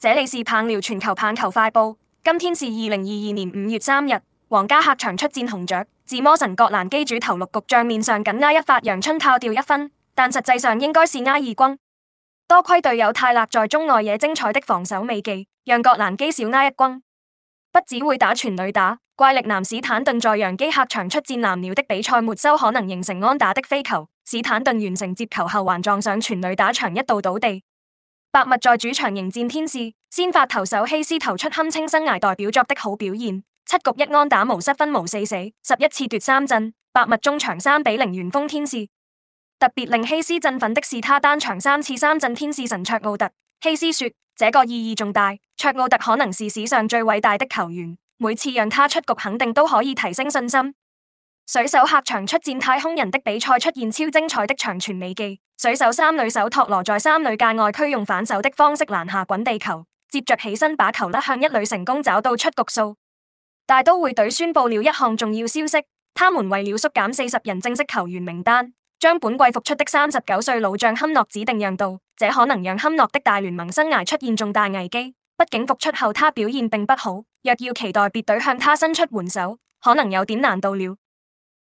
這裏是棒聊全球棒球快報，今天是二零二二年五月三日。皇家客場出戰紅雀，自魔神葛蘭基主投六局，賬面上僅挨一發陽春炮掉一分，但實際上應該是挨二轟。多虧隊友泰勒在中外野精彩的防守美技，讓葛蘭基少挨一轟。不只會打全壘打，怪力男史坦頓在洋基客場出戰藍鳥的比賽，沒收可能形成安打的飛球，史坦頓完成接球後，還撞上全壘打牆，一度倒地。白襪在主場迎戰天使，先發投手希斯投出堪稱生涯代表作的好表現，七局一安打無失分無四死，死，十一次奪三振。白襪終場三比零完封天使。特別令希斯振奮的是，他單場三次三振天使神卓奧特。希斯說：這個意義重大，卓奧特可能是史上最偉大的球員，每次讓他出局肯定都可以提升信心。水手客場出戰太空人的比賽出現超精彩的長傳美技，水手三壘手托羅在三壘界外區用反手的方式攔下滾地球，接着起身把球甩向一壘成功找到出局數。大都會隊宣布了一項重要消息，他們為了縮減四十人正式球員名單，將本季復出的三十九歲老將坎諾指定讓渡，這可能讓坎諾的大聯盟生涯出現重大危機。畢竟復出後他表現並不好，若要期待別隊向他伸出援手，可能有點難度了。